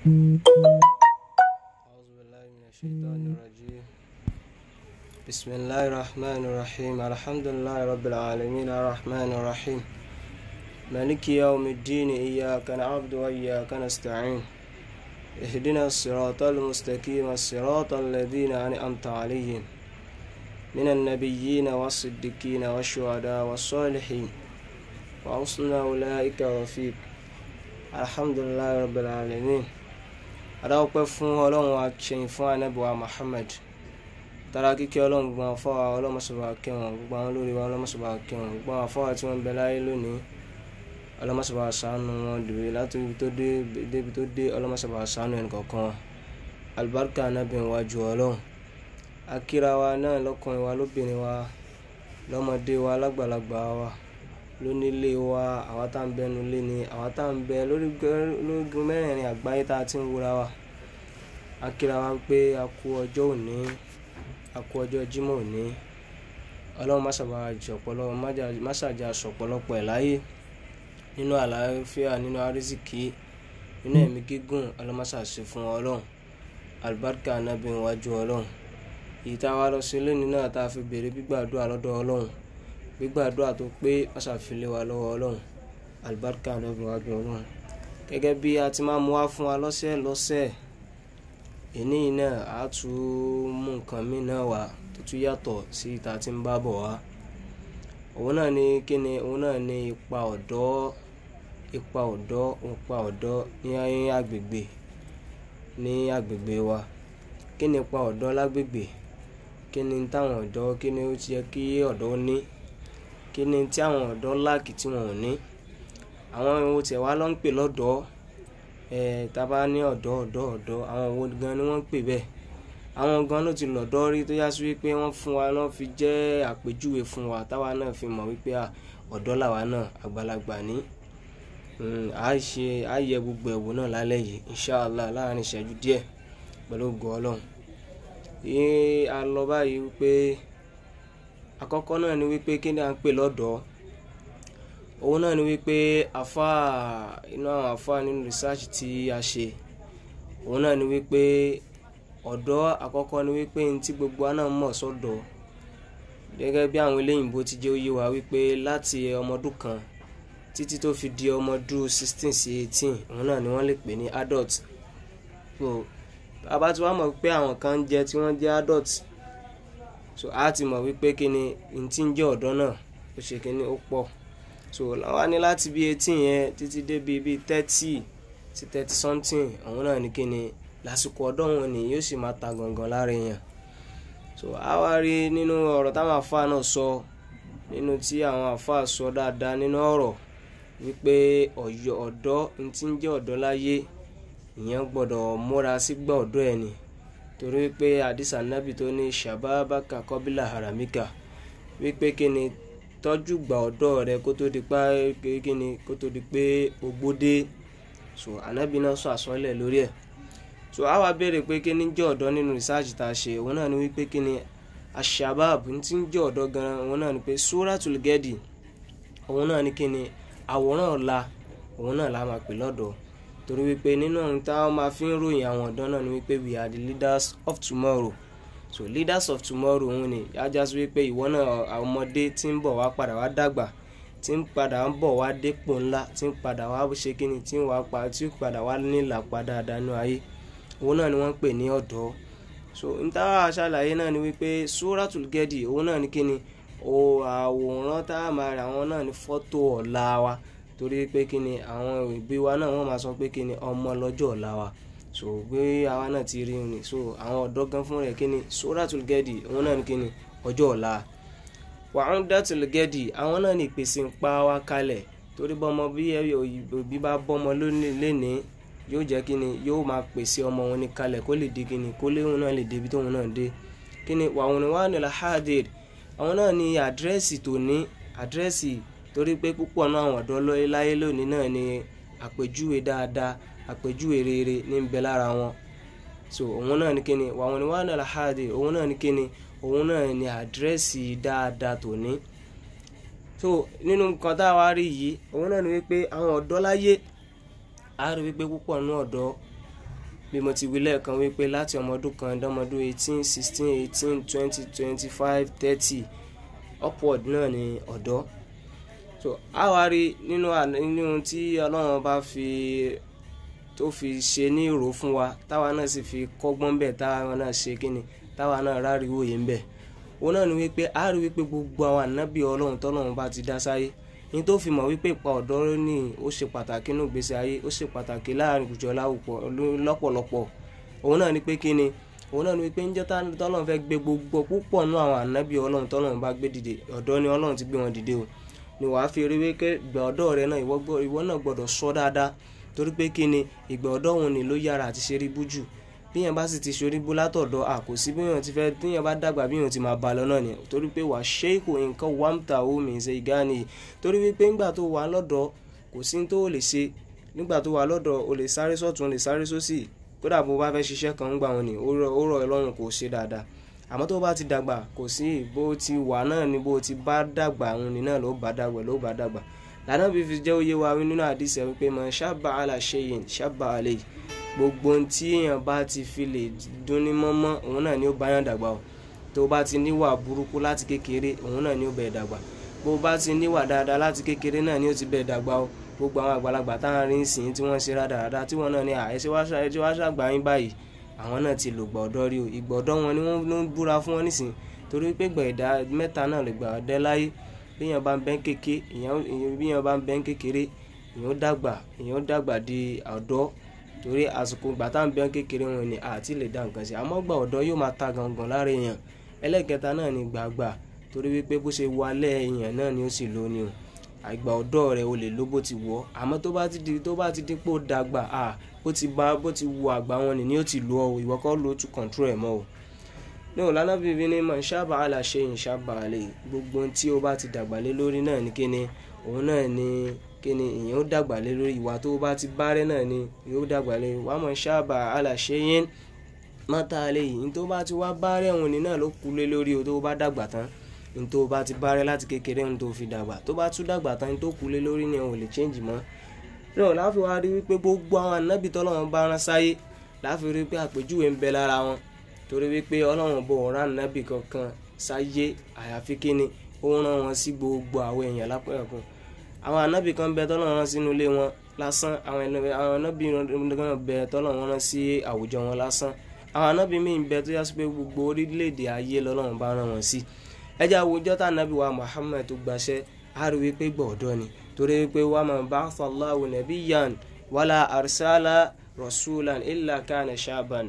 أعوذ بالله من الشيطان الرجيم بسم الله الرحمن الرحيم الحمد لله رب العالمين الرحمن الرحيم مالك يوم الدين إياك نعبد وإياك نستعين اهدنا الصراط المستقيم الصراط الذين أنعمت عليهم من النبيين والصديقين والشهداء والصالحين وأصلنا أولئك رفيق الحمد لله رب العالمين adáwọ́pẹ́ fún ọlọ́run àtìyìn fún anábìwá Muhammad tara kíkẹ́ ọlọ́run gbogbo àwọn afọ́wà ọlọ́mọṣọba kẹwọn gbogbo àwọn olórí wa ọlọ́mọṣọba kẹwọn gbogbo àwọn afọ́wà tí wọ́n ń bẹ láyé lónìí ọlọ́mọṣọba ṣàánú wọn dìbò látòbí tó dé débi tó dé ọlọ́mọṣọba ṣàánú ẹnìkọ̀ọ̀kan alibarika anábìrin wa ju ọlọ́run akíra wa náà lọ́kùnrin wa lóbìnrin wa lọ́mọdé wa lágbàlagbà wa lónílé wa àwa tá à ń bẹnu lé ni àwa tá à ń bẹ lórígun mẹ́rẹ̀ẹ̀rin àgbáyé tá a ti ń wúra wa a kíra wa pé a kú ọjọ́ òní a kú ọjọ́ Jímọ̀ òní ọlọ́run má ṣàjà sọ̀pọ̀lọpọ̀ ẹ̀ láyé nínú àlàáfíà nínú àrísìkí nínú ẹ̀mí gígùn ọlọ́mọṣàṣe fún ọlọ́run àlùbáríkà anábìnrin wájú ọlọ́run èyí tá a lọ sí lónìí náà tá gbígbàdúrà lọ́dọ̀ ọlọ́run gbígbàdúrà tó pé ọ̀sàfilẹ̀ wa lọ́wọ́ ọlọ́run alibarika lọ́gbìn wa gbìn ọlọ́run gẹ́gẹ́ bí a ti máa mú wá fún wa lọ́sẹ̀ lọ́sẹ̀ ìní náà a tún mú nǹkan míì náà wá tó tún yàtọ̀ sí ìta tí ń bá bọ̀ wá òun náà ni kíni òun náà ni ipa ọ̀dọ́ ipa ọ̀dọ́ ipa ọ̀dọ́ ní agbègbè ní agbègbè wa kíni ipa ọ̀dọ́ lágbègbè kíni táwọn ọ̀dọ́ kíni ó ti yẹ kí ọ̀dọ́ ní kí ni tí àwọn ọ̀dọ́ láàkì tí wọn ò ní àwọn ohun tiẹ̀ wá ló ń pè lọ́dọ̀ ẹ̀ tábà ní ọ̀dọ́ ọ̀dọ́ ọ̀dọ́ àwọn ohun gan ni wọ́n ń pè bẹ́ẹ̀ àwọn gan ló ti lọ́dọ́ rí tó yá sí wípé wọ́n fún wa náà fi jẹ́ àpèjúwe fún wa táwa náà fi mọ̀ wípé ọ̀dọ́ làwa náà àgbàlagbà ní à á ṣe á yẹ gbogbo ẹ̀wò náà lálẹ́ yìí inshàlá láàrin ìṣẹ́jú díẹ̀ pẹ̀lú ògo ọlọ́run yìí a lọ báyìí wípé àkọ́kọ́ náà ni wípé kí ni à ń pè lọ́dọ̀ òun náà ni wípé afa inú àwọn afa nínú research tí a ṣe òun náà ni wípé ọ̀dọ́ àkọ́kọ́ ni wípé ní tí gbogbo wa náà mọ̀ sọ́dọ̀ gẹ́gẹ́ bí àwọn eléyìnbó ti jẹ́ oyé wa wípé láti ọmọdún kan títí tó fi di ọmọdún sixteen sí eighteen òun náà ni wọ́n lè pè ní adult so bàbá tí wọ́n mọ̀ pé àwọn kan ń jẹ tí wọ́n jẹ́ adult so a ti mọ̀ wípé kí ni n ti ń jẹ́ ọ̀dọ́ náà ó ṣe kí ó pọ̀ so wọ́n á ní láti bí eighteen yẹn títí débi bíi thirty sí thirty something àwọn náà ní kí ni lásìkò ọ̀dọ́ wọn ni yóò sì máa ta gangan lára èèyàn so a wá rí nínú ọ̀rọ̀ táwọn àfáà náà sọ nínú tí àwọn àfáà sọ dáadáa nínú ọ̀rọ̀ wípé ọ̀dọ́ n ti ń jẹ́ ọ̀dọ́ láyé ìyẹn gbọ́dọ̀ múra sí gbọ́ ọ̀dọ́ ẹ̀ ni torí pé àdìsá nábì tó ní ṣàbábàkà kọ́bílà haramika wípé kí ni tọ́jú gbà ọ̀dọ́ rẹ kó tó di pé kí ni kó tó di pé ogbódé so ànábì náà sọ àsọlẹ̀ lórí ẹ̀ so àwa béèrè pé kí ni jẹ́ ọ̀dọ́ nínú rìsáàjì tá a ṣe òun náà ni wípé kí ni àṣàbáàbù ti ń jẹ́ ọ̀dọ́ gan òun náà ni pé suratul gedi òun náà ni kí ni àwòrán ọ̀la òun náà la máa pè lọ́dọ̀ọ́ torí wípé nínú ohun tá a máa fi ń ròyìn àwọn ọ̀dọ́ náà ni wípé we are the leaders of tomorrow so leaders of tomorrow òun ni ajá sí wípé ìwọ náà àwọn ọmọdé tí ń bọ̀ wá padà wá dàgbà tí ń padà ń bọ̀ wá dépò ńlá tí ń padà wá ṣe kíni tí ń wá pa tí ń padà wá nílà padà dánú ayé òun náà ni wọ́n ń pè ní ọ̀dọ́ so n tá a ṣàlàyé náà ni wípé suratul gedi òun náà ni kíni o àwòrán tá a máa rà wọn náà ni fọ́tò ọ̀la wa torí pé kí ni àwọn òbí wa náà wọ́n máa sọ pé kí ni ọmọ lọ́jọ́ ọ̀la wa so gbé àwa náà ti rí ni so àwọn ọ̀dọ́ gan fún rẹ̀ kí ni suratul gedi òun náà ni kí ni ọjọ́ ọ̀la wàhún dátìlì gẹ́dì àwọn náà ní ìpèsè ń pa wá kalẹ̀ torí bọ́mọ bí òbí bá bọ́mọ lónìí yóò jẹ́ kí ni yóò máa pèsè ọmọ wọn ní kalẹ̀ kó lè di kí ni kó léwọn náà lè débi tóun náà dé kí ni wàhún wa nílà hadir àwọn náà ní àdírẹ́sì tòní àdírẹ́sì torí pé púpọ̀ náà àwọn ọ̀dọ́ lóyè láyé lónìí náà ni àpèjúwe dáadáa àpèjúwe rere ní ń lára wọn so òun náà ni kíni wàwọn ni wàhánà làhádì òun náà ni kíni òun náà ni àdírẹ́sì dáadáa tòní so nínú nǹkan tá a wá rí yìí òun náà ni wípé àwọn ọ̀dọ́ láyé a rí wípé púpọ̀ nínú ọ̀dọ́ bí mo ti wí lẹ́ẹ̀kan wípé láti ọmọ ọdún kan dọ́mọdún eighteen sixteen eighteen twenty twenty five thirty upward náà ni ọ̀dọ́ so awari wá rí nínú nínú tí ọlọ́run bá fi tó fi ṣe ní ìró fún wa táwa náà sì fi kọ́gbọ́n bẹ̀ táwa náà ṣe kíni táwa náà ráriwó yìí ń bẹ̀ òun náà ni wípé a rí wípé gbogbo àwọn ànábì ọlọ́run tọ́lọ́run bá ti dá sáyé ní tó fi mọ̀ wípé ipa ọ̀dọ́ ní ó ṣe pàtàkì nínú ìgbésí ayé ó ṣe pàtàkì láàrin ìjọ lọ́pọ̀lọpọ̀ òun náà ni pé kíni òun náà ni wípé ń jẹ́ tọ́lọ́run fẹ́ gbé gbogbo púpọ̀ nú àwọn ànábì ọlọ́run tọ́lọ́run bá gbé dìde ọ̀dọ́ ni ọlọ́run ti gbé wọn dìde o ni wàá fi rí wípé ìgbà ọ̀dọ́ rẹ náà ìwọ náà gbọ́dọ̀ sọ dáadáa torí pé kí ni ìgbà ọ̀dọ́ òun ni ló yára àti ṣe rí bú jù bíyàn bá sì ti ṣe oríbú látọ̀dọ̀ àkòsí bíyàn ti fẹ́ bíyàn bá dàgbà bíyàn ti máa ba lọ náà ni torí pé wà ṣéèkò nǹkan wàmtà omi ṣe ìgá ni torí wípé ńgbà tó wà lọ́dọ̀ kò sí tó lè ṣe nígbà tó wà lọ́dọ̀ o lè sáré sọ́tún o lè sáré sósì kódà bó bá fẹ́ ṣiṣẹ́ kan ń gbà wọn ni ó rọ̀ ẹ́ lọ́rùn kò ṣe dáadáa àmọ́ tó bá ti dàgbà kò sí bó ti wà náà ni bó ti bá dàgbà òun ni náà ló bá dàgbà ló bá dàgbà lànà bí fi jẹ́ òye wa nínú àdìsẹ́ wípé mọ ṣábà àlà ṣẹyìn ṣábà àlè gbogbo ohun tí èèyàn bá ti fi lè dún ní mọ́mọ́ òun náà ni ó bá yàn dàgbà o tó bá ti níwà burúkú láti kékeré òun náà ni ó bẹ̀ẹ̀ dàgbà bó bá ti níwà dáadáa láti kékeré náà ni ó ti bẹ̀ẹ̀ dàgbà o gbogbo àwọn àgbàlagbà táwọn rí sìn tí wọ́n ṣe rádaràda tí wọ́n náà ní àìsíwáṣà ẹjọ́ wáṣà yín báyìí àwọn náà ti lò gbà ọ̀dọ́ rí o ìgbà ọ̀dọ́ wọn ni wọ́n ló ń búra fún wọn nísìnyí torí pé gbà ìdá mẹ́ta náà lè gbà ọ̀dẹ́ láyé bíyàn bá ń bẹ́ kéke bíyàn bá ń bẹ́ kékeré èèyàn dàgbà èèyàn dàgbà di ọ̀dọ́ torí àsìkò ìgbà tá à ń bẹ́ kékeré wọn ni àti lè dá nǹkan sí àmọ́ gbà ọ̀dọ́ yóò máa ta gangan lára èèyàn ẹlẹ́kẹta náà ni gbàgbà torí wípé bó ṣe wálẹ̀ èèyàn náà ni ó sì lóni o àgbà ọ̀dọ́ rẹ̀ o lè ló bó ti wọ̀ àmọ́ tó bá ti di tó bá ti dípò dàgbà à bó ti bá bó ti wo àgbà wọn nìyí ó ti lò ọ ìwọ kọ́ lò ó control ẹ̀ mọ́ o ní òlànà bíbí ni mọ̀ ṣáàbà aláṣẹ ìṣàbà lè gbogbo tí o bá ti dàgbà lé lórí náà ni kíni òun náà ni kíni ìyẹn ó dàgbà lé lórí ìwà tó bá ti bárẹ́ náà ni yóò dàgbà lé wàá mọ̀ ṣáàbà aláṣẹ yẹn mọ́ta lè yìí ní tó bá ti wá bárẹ́ òun ni náà ló kú lé lórí o tó bá dàgbà tán ní tó bá ti bárẹ́ láti kékeré ní tó fi dàgbà tó bá tún dàgbà tán ní tó kú lé lórí ni òun lè change mọ́ náà láfi wá rí wípé gbogbo àwọn ànábì tọ́lọ́run bá rán sáyé láfi rí pé àpèjúwe ń bẹ lára wọn torí wípé ọlọ́run bò rán ànábì kankan sáyé àyàfi kíni ó rán wọn sí gbogbo àwọn èèyàn lápẹ̀kùn àwọn ànábì kan bẹ tọ́lọ́run rán sínú ilé wọn lásán àwọn ànábì kan bẹ tọ́lọ́run rán sí àwùjọ wọn lásán àwọn ànábì míì bẹ tó yá sí pé gbogbo orílẹ̀-èdè ayé lọ́lọ́run bá rán wọn sí ẹjẹ́ àwùjọ tá wa Muhammad tó gbaṣẹ́ á rí wípé torí pé wa ma ba'atha Allahu nabiyyan wala arsala rasulan illa kana shaban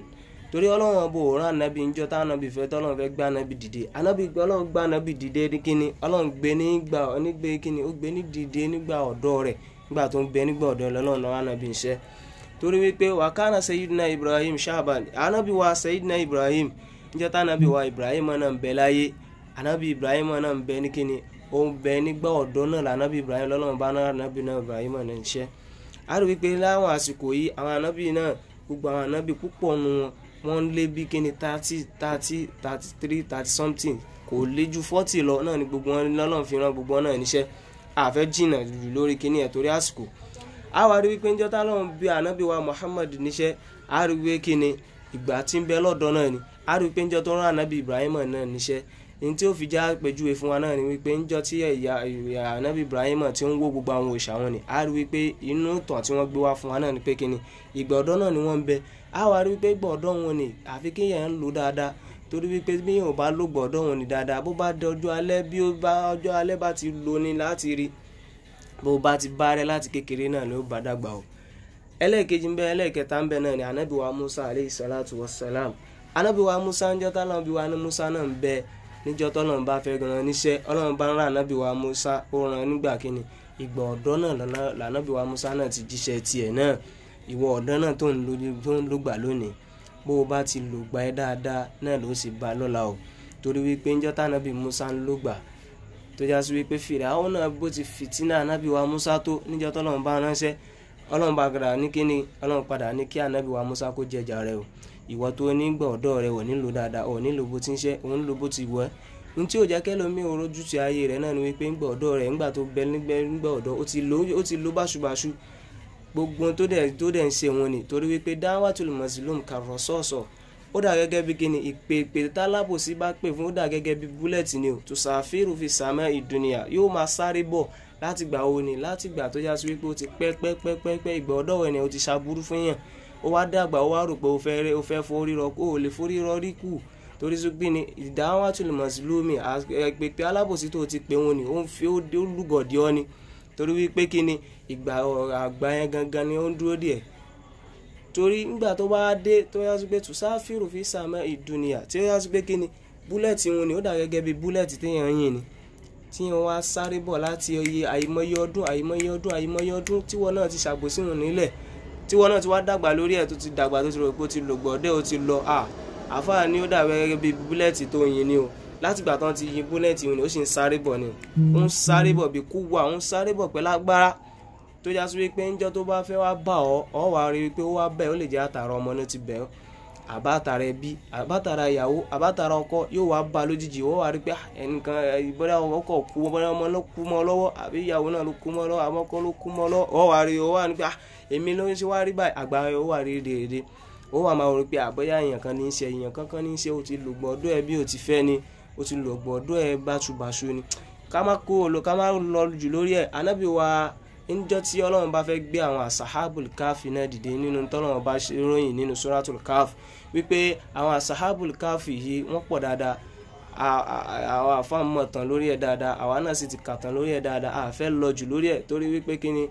torí ọlọ́run ọba òòrùn anabi njọ́ tá anabi fẹ́ tọ́lọ́run fẹ́ gbá anabi dìde anabi gbọ́ ọlọ́run gbá anabi dìde kíni ọlọ́run gbé nígbà onígbé kíni ó gbé ní dìde nígbà ọ̀dọ́ rẹ̀ nígbà tó ń gbé nígbà ọ̀dọ́ rẹ̀ lọ́nà anabi iṣẹ́ torí wípé wàkánà sayidina ibrahim shaban wa sayidina ibrahim tá ibrahim náà ń bẹ láyé ibrahim náà ń bẹ ní ó ń bẹ nígbà ọ̀dọ́ náà lànàbí Ibrahim lọ́lọ́run bá náà ànábì náà Ibrahim náà ń ṣẹ́ a rò wípé láwọn àsìkò yìí àwọn ànábì náà gbogbo àwọn ànábì púpọ̀ nu wọn wọ́n ń lé bí kíni thirty thirty thirty three thirty something kò lé ju forty lọ náà ni gbogbo wọn lọ́lọ́run fi rán gbogbo wọn náà níṣẹ́ àfẹ́ jìnnà jù lórí kíní ẹ̀ torí àsìkò a wá rí wípé ń jọ́tà lọ́run bí ànábì wa Muhammad níṣẹ́ a rí wípé kíni ìgbà tí ń bẹ lọ́dọ̀ náà ni a rí wípé ń jọ́tà lọ́run Ibrahim náà ní tí ó fi já pẹ̀júwe fún wa náà ni wípé ńjọ́ tí ẹ̀yà ìyá anabi ibrahim ti ń wó gbogbo àwọn òòṣà wọn ni a rí wípé inú ìtàn tí wọ́n gbé wá fún wa náà ni pé kíni ìgbà ọ̀dọ́ náà ni wọ́n ń bẹ a wá rí wípé ìgbà ọ̀dọ́ wọn ni àfi kéèyàn ń lò dáadáa torí wípé bí yóò bá lò gbọ̀dọ̀ wọn ni dáadáa bó bá di ọjọ́ alẹ́ bí ó bá ọjọ́ alẹ́ bá ti lò ní láti rí bó bá ti bá rẹ láti kékeré náà ló bá dàgbà o ẹlẹ́ẹ̀kejì ń bẹ ẹlẹ́ẹ̀kẹta ń bẹ náà ni anabiwa musa aleyhi salatu wa salam anabiwa musa ń jọ́ta náà bí wa ni musa náà ń bẹ níjọ́ tọ́lọ́run bá fẹ́ gan níṣẹ́ ọlọ́run bá ń rán ànábì wa Musa ó rán nígbà kíni ìgbà ọ̀dọ́ náà lànábì wa Musa náà ti jíṣẹ́ tiẹ̀ náà ìwọ ọ̀dọ́ náà tó ń lògbà lónìí bó o bá ti lògbà ẹ dáadáa náà ló sì bá lọ́la o torí wípé níjọ́ tánábì Musa ń lògbà tó já sí wípé fèrè àwọn náà bó ti fìtínà ànábì wa Musa tó níjọ́ tọ́lọ́run bá ránṣẹ́ ọlọ́run bá padà ní kí ìwọ tó nígbà ọ̀dọ́ rẹ ò nílò dáadáa ò nílò bó ti ń ṣe òun nílò bó ti wọ ẹ́ n tí ò jẹ́ kẹ́lòmíì ò rojú ti ayé rẹ̀ náà ni wípé ńgbà ọ̀dọ́ rẹ̀ ńgbà tó bẹ nígbà ọ̀dọ́ ó ti lò ó ti lò báṣubàṣu gbogbo tó dẹ̀ tó dẹ̀ ń ṣe wọn ni torí wípé dáwàtul mazlum kàrọ̀ sọ̀ọ̀sọ̀ ó dà gẹ́gẹ́ bí kíni ìpè ìpè tálábòsí bá pè fún ó dà gẹ́gẹ́ bí búlẹ̀tì ni o tó sàfírù fi sàmẹ́ ìdùnnìyà yóò máa sáré bọ̀ láti gbà wo ni láti gbà tó yá sí wípé ó ti pẹ́ pẹ́ pẹ́ pẹ́ pẹ́ ìgbà ọ̀dọ́ rẹ̀ ni ó ti ṣàbúrú fún yàn ó wá dàgbà ó wá rò pé ó fẹ́ rẹ ó fẹ́ forí rọ kó o lè forí rọ rí kù torí sùgbìn ni ìdáhùn àtúlùmọ̀ sí lómi àgbègbè alábòsí tó ti pè wọn ni ó ń fi ó lùgọ̀dì ọ ni torí wípé kí ni ìgbà ọ̀rọ̀ àgbà yẹn gangan ni ó ń dúró díẹ̀ torí ńgbà tó bá dé tó yá sí pé tùsáfìrù fi sàmẹ́ ìdùnnìyà tí ó yá sí kí ni búlẹ̀tì wọn ni ó dà gẹ́gẹ́ bí búlẹ̀tì téèyàn ń yìn ni tí wọn wá sáré bọ̀ láti ọyẹ àìmọye ọdún àìmọye ọdún àìmọye ọdún tí wọn náà ti ṣàgbòsí wọn nílẹ̀ tiwọn náà ti wá dàgbà lórí ẹ̀ tó ti dàgbà tó ti rò pé ó ti lò gbọ̀dẹ́ ó ti lọ à àfáà ni ó dàbẹ́ gẹ́gẹ́ bí búlẹ́ẹ̀tì tó yin ni o látìgbà tán ti yin búlẹ́ẹ̀tì yìí ni ó sì ń sáré bọ̀ ni ó ń sáré bọ̀ bí kú wà ó ń sáré bọ̀ pẹ̀lú agbára tó já wípé ńjọ́ tó bá fẹ́ wá bà ọ́ ọ́ wàá rí wípé ó wá bẹ́ẹ̀ ó lè jẹ́ àtàrà ọmọ náà ti bẹ́ẹ̀ àbátara ẹbí àbátara ìyàwó àbátara ọkọ yóò wá ba lójijì wọ́n wá rí pé ah, ẹnìkan ìbọ́dá eh, ọkọ̀ kú bọ́dá ọmọ náà kú mọ́ lọ́wọ́ àbí ìyàwó náà ló kú mọ́ lọ́wọ́ àbọ́kọ́ ló kú mọ́ lọ́wọ́ wọ́n wá rí wọ́n wá rí pé ah, èmi ló ń ṣe wá rí báyìí àgbà wọ́n wá rí dèrèdè wọ́n wá máa rò pé àbọ́yá ah, èèyàn kan ní í ṣe èèyàn kankan ní í ṣe ó ti lògbọ́ ọdọ́ ọlọ́run bá fẹ́ gbé àwọn asahabul káfí náà dìde nínú tọ́lọ́run bá ṣe ròyìn nínú suratul káfí wípé àwọn asahabul káfí yìí wọ́n pọ̀ dáadáa àwọn àfáà mọ̀ tán lórí ẹ̀ dáadáa àwa náà sì ti kà tán lórí ẹ̀ dáadáa a fẹ́ lọ jù lórí ẹ̀ torí wípé kíni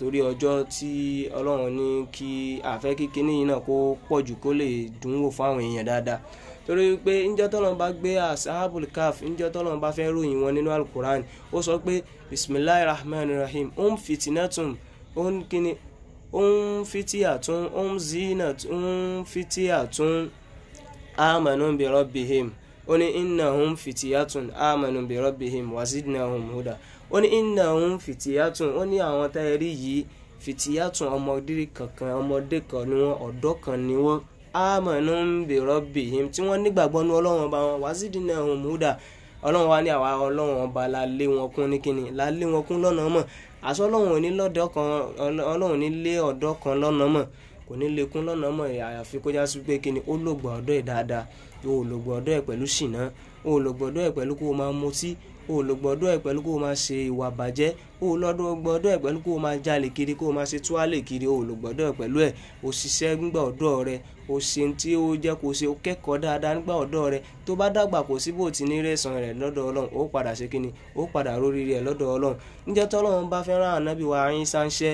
torí ọjọ́ tí ọlọ́run ní kí àfẹ́ kí kíní yìí náà kó pọ̀ jù kó lè dùn wò fún àwọn èèyàn dáadáa torí wípé ńjọ́ tọ́lọ́n bá gbé asahabul kaf ńjọ́ tọ́lọ́n bá fẹ́ ròyìn wọn nínú alukur'an ó sọ pé bismillahir rahmanir rahim um fitinatun um kíni ń fiti atun, ń zina ń fiti atun. amanu bi Oni ó ní fiti atun. amanu bi rabbihim wazidnahum huda ó ní innahum fitiyatun ó ní àwọn táyẹ̀rí yìí fitiyatun ọmọdé kankan ọmọdé kan ni wọn ọ̀dọ́ kan ni wọn amanu bi rabbihim tí wọ́n nígbàgbọ́ nu ọlọ́wọ́n bá wọn wazidnahum huda ọlọ́wọ́n wa ní àwa ọlọ́wọ́n ọba la lé wọn kún ní kíni la lé wọn kún lọ́nà mọ̀ àṣọ ọlọ́run ní lọ́dọ̀ kan ọlọ́run ní lé ọ̀dọ́ kan lọ́nà mọ̀ kò ní lekún lọ́nà mọ̀ àyàfi kó já sí pé kí ni ó lògbà ọ̀dọ́ ẹ̀ dáadáa o lògbà ọ̀dọ́ ẹ̀ pẹ̀lú ṣìnà o lògbà ọ̀dọ́ ẹ̀ pẹ̀lú kó o máa mutí o lò gbọ́dọ̀ ẹ̀ pẹ̀lú kó o máa ṣe ìwà bàjẹ́ o lọ́dún gbọ́dọ̀ ẹ̀ pẹ̀lú kó o máa jalè kiri kó o máa ṣe túwálè kiri o lò gbọ́dọ̀ ẹ̀ pẹ̀lú ẹ̀ o ṣiṣẹ́ ńgbà ọ̀dọ́ rẹ o ṣe tí o jẹ́ kó o ṣe o kẹ́kọ̀ọ́ dáadáa ńgbà ọ̀dọ́ rẹ tó bá dàgbà kò sí bó ti ní rẹ̀sán rẹ̀ lọ́dọ̀ ọlọ́run o padà ṣe kíni o padà rórí rẹ̀ lọ́dọ̀ ọlọ́run níjẹ́ tọ́lọ́run bá fẹ́ràn ànábì wa ayín sáńṣẹ́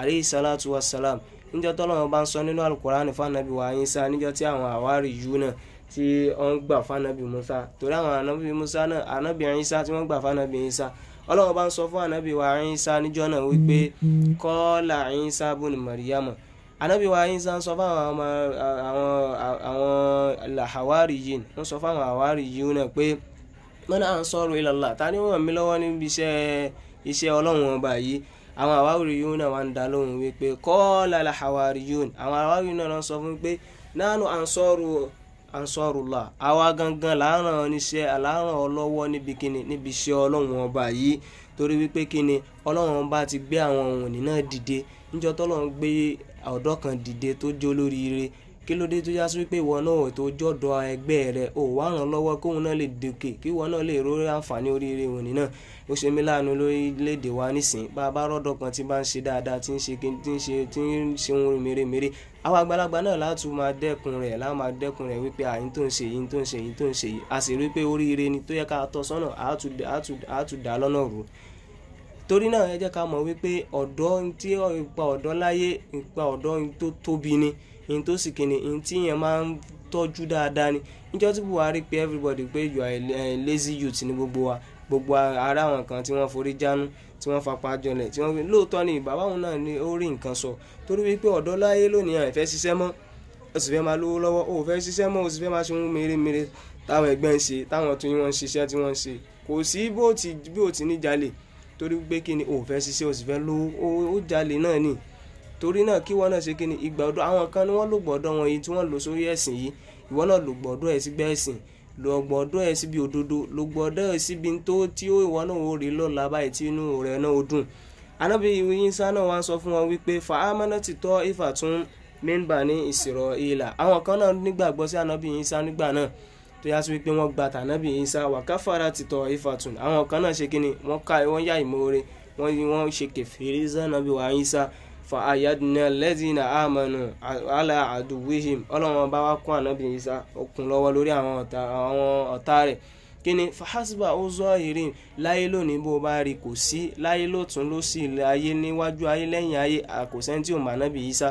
aleyhi salatu wa salam níjẹ́ tọ́lọ́run bá ń sọ nínú alukoran fún ànábì tí wọ́n gbà fánábì musa torí àwọn ànábì musa náà ànábì Ìsá tí wọ́n gbà fánábì Ìsá ọlọ́run bá ń sọ fún ànábì wa Ìsá níjọ́ náà wípé kọ́ọ́là Ìsá bùnú màríyàmọ̀ ànábì wa Ìsá ń sọ fún àwọn ọmọ àwọn làhàwárì yìí ń sọ fún àwọn àwárì yìí náà pé mọ́nà à ń sọ̀rọ̀ ìlàlá ta ni wọ́n mi lọ́wọ́ níbi iṣẹ́ iṣẹ́ ọlọ́run ọba yìí àwọn àwárì yìí náà wà ń dá lóhùn wípé kọ́ọ́là làhàwárì yìí ansarullah àwa gangan làárọ̀ oníṣẹ́ àlárọ̀ ọlọ́wọ́ níbi kíni níbi iṣẹ́ ọlọ́run ọba yìí torí wípé kíni ọlọ́run ọba ti gbé àwọn òní náà dìde níjọ́ tọ́lọ́run gbé ọ̀dọ́ kan dìde tó jẹ́ olóríire kí ló dé tó yá sí wípé ìwọ náà tó jọ̀dọ̀ ẹgbẹ́ rẹ ò wá ràn lọ́wọ́ kóun náà lè dòkè kí ìwọ náà lè rórí àǹfààní oríire òní náà ó ṣe mí láàánú lórílẹ̀‐èdè wa nísìn bá a bá rọ́dọ̀ kan tí bá ń ṣe dáadáa tí ń ṣe tí ń ṣe tí ń ṣe ohun mèremère àwọn àgbàlagbà náà láti máa dẹ́kun rẹ̀ láti máa dẹ́kun rẹ̀ wípé àyín tó ń ṣe yìí tó ń ṣe yìí tó ń ṣe yìí a sì rí pé oríire ni tó yẹ ká tọ́ sọ́nà àátù dá lọ́nà rò torí náà ẹ jẹ́ ká mọ̀ wípé ọ̀dọ́ tí ipa ọ̀dọ́ láyé ipa ọ̀dọ́ tó tóbi ni in tó sì kíni in tí yẹn máa ń tọ́jú dáadáa ni níjọ́ tí Buhari pe everybody pé you a lazy youth ní gbogbo wa gbogbo ara àwọn kan tí wọ́n forí jánu tí wọ́n fapá jọlẹ̀ tí wọ́n fi lóòótọ́ ni bàbá òun náà ni ó rí nǹkan sọ torí wípé ọ̀dọ́ láyé lónìí àwọn ìfẹ́ ṣiṣẹ́ mọ́ ó sì fẹ́ máa lówó lọ́wọ́ ó fẹ́ ṣiṣẹ́ mọ́ ó sì fẹ́ máa ṣe ohun mèremère táwọn ẹgbẹ́ ń ṣe táwọn tó wọ́n ṣiṣẹ́ tí wọ́n ṣe kò sí bó ti ní jalè torí wípé kí ni ó fẹ́ ṣiṣẹ́ ó fẹ́ lówó ó jalè náà nìyí torí náà kí wọ́n náà ṣe kí ni ìgbà ọ̀dọ́ àwọn kan ni wọ́n lò gbọ́dọ̀ wọn yìí tí wọ́n lò sórí ẹ̀sìn yìí ìwọ náà lò gbọ́dọ̀ ẹ̀ sígbẹ́ ẹ̀sìn lò gbọ́dọ̀ ẹ̀ síbi òdodo lò gbọ́dọ̀ ẹ̀ síbi tó tí ó ìwọ náà ó rí lọ́la báyìí tí inú rẹ̀ náà ó dùn. anábì Ìsá náà wá sọ fún wọn wípé fàámánà ti tọ́ ìfà tún mímbà ní ìsìrọ̀ ìlà àwọn kan náà nígbàgbọ́ sí anábì Ìsá nígbà náà tó yá sí wípé wọ́n gba tànábì Ìsá wàkàfàrà ti tọ́ ìfà tún àwọn kan náà ṣe kí ni ká wọ́n yá ìmoore wọ́n ṣe kẹfìrí sànàbì wà Ìsá fa àyàdùnà lẹ́sìnà àmọ́nù àlà àdùwíhìm ọlọ́run bá wá kún ànábì Ìsá okùn lọ́wọ́ lórí àwọn ọ̀tá rẹ̀ kíni fahasiba ó zọ ìrìn láyé lónìí bó bá rí kò sí láyé lọ́tún lósì ayé níwájú ayé lẹ́yìn ayé àkòsẹ́ntì òmà ànábì Ìsá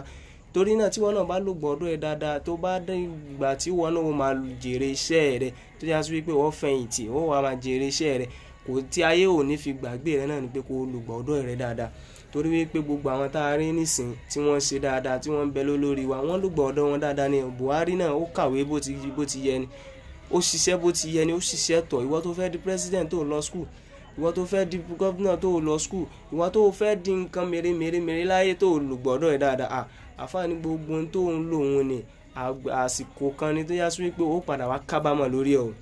torí náà tí wọn náà bá lò gbọdọ ẹ dáadáa tó bá dé ìgbà tí wọn náà máa jèrè iṣẹ́ rẹ̀ tó yá sí wípé wọn fẹ̀yìntì wọn wà máa jèrè iṣẹ́ rẹ̀ kò tí ayé ò fi gbàgbé rẹ̀ náà ni pé kó lò gbọdọ rẹ̀ dáadáa torí wípé gbogbo àwọn tá a rí nísìn tí wọ́n ṣe dáadáa tí wọ́n ń bẹ lólórí wa wọ́n lùgbọ̀ ọ̀dọ́ wọn dáadáa ni Buhari náà ó kàwé bó ti bó ti yẹ ni ó ṣiṣẹ́ bó ti yẹ ni ó ṣiṣẹ́ tọ̀ ìwọ tó fẹ́ di president tó lọ school ìwọ tó fẹ́ di gómìnà tó lọ school ìwọ tó fẹ́ di nǹkan mèremèremère láyé tó lùgbọ̀ ọ̀dọ́ ẹ̀ dáadáa àfààní gbogbo tó ń lò wọn ni àsìkò kan ni tó yá sí wípé ó padà wá kábàámọ̀ lórí ẹ̀ o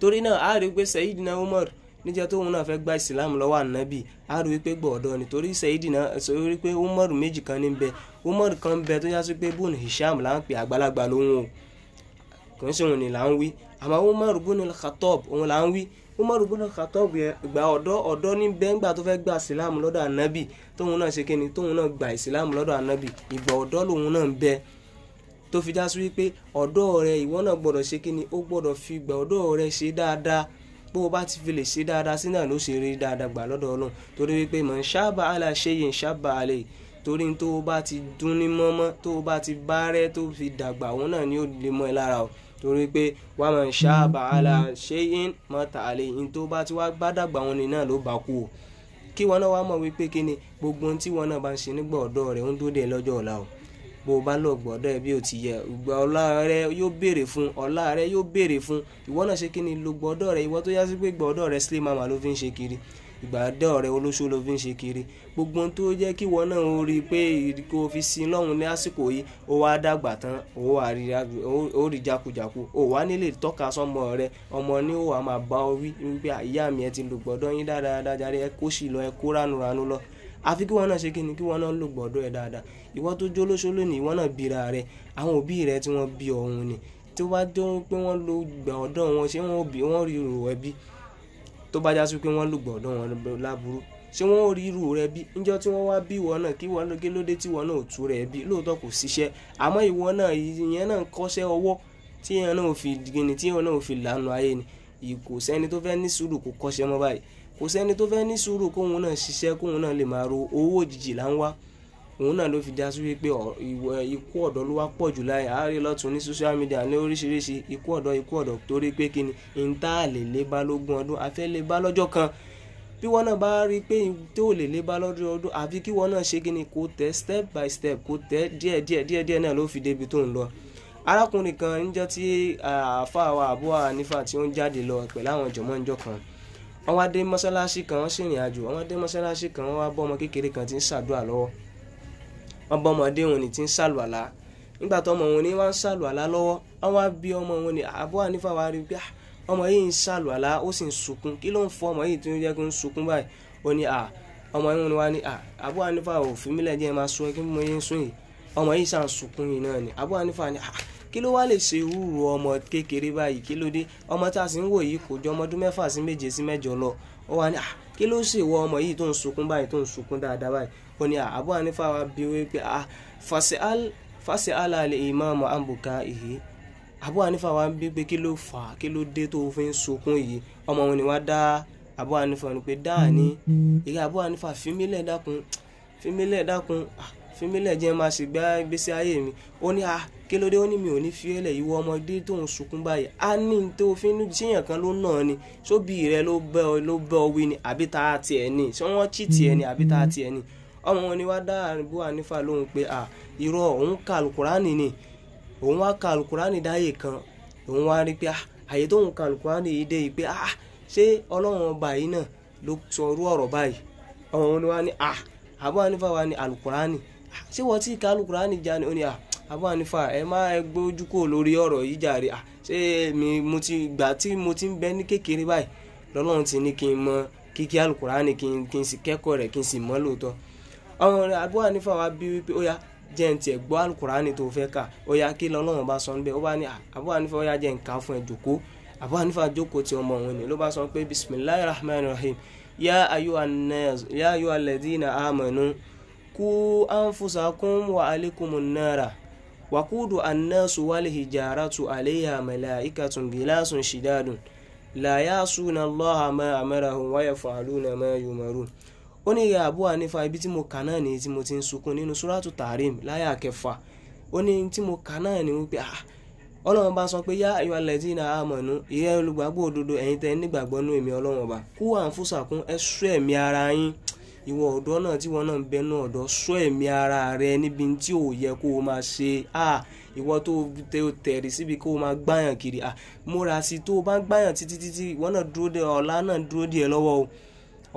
torí náà a rí pé Sayyidina Umar níjẹ́ tóun náà fẹ́ gba ìsìlámù lọ́wọ́ ànábì á rí wípé gbọ̀ọ́dọ̀ nítorí Sayyidina sórí pé Umaru méjì kan ní bẹ Umaru kan bẹ tó yásí pé bùn Hisham là ń pè àgbàlagbà lóhun o kò ń ṣe òun ni là ń wí àmọ́ Umaru bùn Khattab òun là ń wí Umaru bùn Khattab yẹn gba ọ̀dọ́ ọ̀dọ́ ní bẹ́ńgbà tó fẹ́ gba ìsìlámù lọ́dọ̀ ànábì tóun náà ṣe kíni tóun náà gba ìsìlámù lọ́dọ̀ ànábì ìgbà ọ̀dọ́ lòun náà ń bẹ tó fi já sí wípé ọ̀dọ́ rẹ ìwọ náà gbọ́dọ̀ ṣe kíni ó gbọ́dọ̀ fi gbà ọ̀dọ́ rẹ ṣe dáadáa bó o bá ti fi lè ṣe dáadáa sí náà ló ṣe rí dáadáa gbà lọ́dọ̀ ọlọ́run torí wípé mọ̀ ń ṣáàbà àlà ṣe yìí ń ṣáàbà àlè torí tó o bá ti dún ní mọ́mọ́ tó o bá ti bá rẹ́ tó fi dàgbà òun náà ni ó lè mọ́ ẹ lára o torí pé wàá mọ̀ ń ṣáàbà àlà ṣe yìí mọ́ tà àlè yìí tó o bá ti wá bá dàgbà òun ni náà ló bá kú o kí wọn náà wá mọ̀ wípé kí ni gbogbo ohun tí wọn náà bá ń ṣe nígbà ọ̀dọ́ rẹ̀ ń dúdé lọ́jọ́ ọ̀la o bó o bá lọ gbọ́dọ̀ ẹ bí o ti yẹ ìgbà ọlá rẹ yóò béèrè fún ọlá rẹ yóò béèrè fún ìwọ náà ṣe kí ni lo gbọ́dọ̀ rẹ ìwọ tó yá sí pé gbọ́dọ̀ rẹ sílé màmá ló fi ń ṣe kiri ìgbàdọ̀ rẹ olóṣó ló fi ń ṣe kiri gbogbo ohun tó jẹ́ kí ìwọ náà ó rí i pé kó o fi sin lọ́hùn ní àsìkò yìí ó wá dàgbà tán ó rí jakujaku ó wá nílé tọ́ka sọ́mọ rẹ ọmọ ní ó wà máa bá ọ wí wípé ìyá mi ẹ ti lò gbọ́dọ̀ yín dáadáa dáadáa ẹ kó sì lọ ẹ kó ránuranu lọ àfi kí wọn náà ṣe kíni kí wọn náà lò gbọ́dọ̀ ẹ dáadáa ìwọ tó jó lóṣó lónìí ìwọ náà bira rẹ àwọn òbí rẹ tí wọn bí ọ̀hún ni tó bá jọ pé wọn lo gbà ọ̀dọ̀ wọn ṣé wọn òbí wọn rí rò ẹbí tó bá jásí pé wọn lò gbà ọ̀dọ̀ wọn láburú ṣé wọn ò rí irú rẹ bí níjọ́ tí wọn wá bí ìwọ náà kí wọn lóge lóde tí wọn náà ò tú rẹ bí lóòótọ́ kò ṣiṣẹ́ àmọ́ ìwọ náà ìyẹn náà ń kọ́ṣẹ́ ọwọ́ tí ìyẹn náà ò fi gini tí ìyẹn náà ò fi lànà ayé ni kò tó fẹ́ ní sùúrù kó kọ́ṣẹ́ mọ́ báyìí kò sẹ́ni tó fẹ́ ní sùúrù kóun náà ṣiṣẹ́ kóun náà lè máa ro owó òjijì là òun náà ló fi dá sí wípé ikú ọ̀dọ́ ló wá pọ̀ jù láyé àárẹ̀ lọ́tún ní social media ní oríṣiríṣi ikú ọ̀dọ́ ikú ọ̀dọ́ torí pé kí ni n tá a lè lé bá lógún ọdún a fẹ́ lè bá lọ́jọ́ kan bí wọn náà bá rí i pé tó lè lé bá lọ́jọ́ ọdún àfi kí wọn náà ṣe kí ni kó tẹ̀ step by step kó tẹ̀ díẹ̀ díẹ̀ díẹ̀ díẹ̀ náà ló fi débi tó ń lọ arákùnrin kan níjọ́ tí àáfàá wa àbúrò ànífà tí ó ń jáde lọ pẹ̀lú àwọn jọ̀mọ́ níjọ́ kan wọ́n wá dé mọ́ṣáláṣí kan wọ́n ṣèrìn àjò wọ́n wá dé mọ́ṣáláṣí kan wọ́n wá bọ́ ọmọ kékeré kan tí ń ṣàdúrà lọ́wọ́ wọ́n bọ́ ọmọdé wọn ni tí ń ṣàlùwàlá nígbà tó ọmọ wọn ni wọ́n ń ṣàlùwàlá lọ́wọ́ wọ́n wá bí ọmọ wọn ni àbọ̀ ànífà wa rí pé ah, ọmọ yìí ń ṣàlùwàlá ó sì ń sunkún kí ló ń fọ ọmọ yìí tó ń jẹ́ kó ń sunkún báyìí ó ní à ọmọ yìí wọn wá ní à àbọ̀ ànífà ni àbọ̀ kí ló wá lè ṣe wúrò ọmọ kékeré báyìí kí ló dé ọmọ tá a sì ń wò yìí kò jọ ọmọ ọdún mẹ́fà sí méje sí mẹ́jọ lọ ó wá ní à ah, kí ló ṣe ìwọ ọmọ yìí tó ń sunkún báyìí tó ń sunkún dáadáa báyìí ó ní àbú ah, ànífà wa bí wí pé à fàṣẹ àlàlẹ ìmáàmù àǹbùkà ìhí àbú ànífà wa bí pé kí ló fà á kí ló dé tó fi ń sunkún yìí ọmọ òun ni wá dá àbú ànífà ni pé dáà ní ìyá àbú ànífà fímílẹ̀ dákun fímílẹ̀ dákun ah, fi mí lẹ̀ jẹ́ máa ṣe gbá gbèsè ayé mi ó ní a ah, kí ló dé ó ní mi ò ní fi ẹlẹ̀ ìwọ ọmọdé tó ń sunkún báyìí a ní tó fi ń ṣéyàn kan ló nà ọ ni sóbì rẹ ló bẹ ọ ló bẹ ọ wí ni àbí ta tiẹ̀ ni ṣé wọ́n chì tiẹ̀ ni àbí ta tiẹ̀ ni ọmọ wọn ni wá dá àbú ànífà lóhùn pé à ah, irọ́ òun ka alukurani ni òun wá ka alukurani dáyè kan òun wá rí pé à ah, àyè tóun ka alukurani yìí dé pé à ṣé ọlọ́run ọba yìí náà ló sọ orú ọ̀rọ̀ báyìí ọmọ wọn ni wá ní à àbú ànífà wá ní alukurani ṣé wọ́n ti ka alukurani já ni ó ní à abánífà ẹ má ẹ gbójú kò lórí ọ̀rọ̀ yìí jàre à ṣé mi mo ti gbà tí mo ti ń bẹ ní kékeré báyìí lọ́lọ́run ti ní kí n mọ kíkí alukurani kí n kí n sì kẹ́kọ̀ọ́ rẹ̀ kí n sì mọ̀ lóòótọ́ ọmọ rẹ abúhánífà wa bí wípé ó yá jẹ́ ń tiẹ̀ gbọ́ alukurani tó fẹ́ kà ó kí lọ́lọ́run bá sọ níbẹ̀ ó bá ní abúhánífà ó yá jẹ́ ń fún ẹ jòkó abúhánífà jókòó ti ọmọ òun ni ló bá sọ pé bismillahir rahmanir rahim yá ayuha nas yá ayuha alladhina ku anfusakum wa alaykumun nara wakudu annasu wal hijaratu alayha malaikatun gilasun shidadun la yasuna allaha ma amarahum wa yaf'aluna ma yumarun ó ní ìyá àbúrò ànífà ibi tí mo kà ni tí mo ti ń sunkún nínú suratu tahrim láyà kefa oni ní tí mo kà náà ni wípé ah ọlọ́run bá sọ pé yá ayọ̀ alẹ́ tí ìnà àmọ̀nù ìyá olùgbàgbọ́ òdodo ẹ̀yin tẹ́ nígbàgbọ́ nú èmi ọlọ́run ọba kú àǹfùsàkún ẹ ṣú ẹ̀mí ara yín ìwọ ọ̀dọ́ náà tí wọ́n náà ń bẹnu ọ̀dọ́ ṣọ́ ẹ̀mí ara rẹ níbi tí ò yẹ kó o máa ṣe ah ìwọ tó tẹ̀rí síbi kó o máa gbáyàn kiri ah múra sí tó o bá ń gbáyàn títí títí ìwọ náà dúró de ọ̀la náà dúró de ẹ lọ́wọ́ o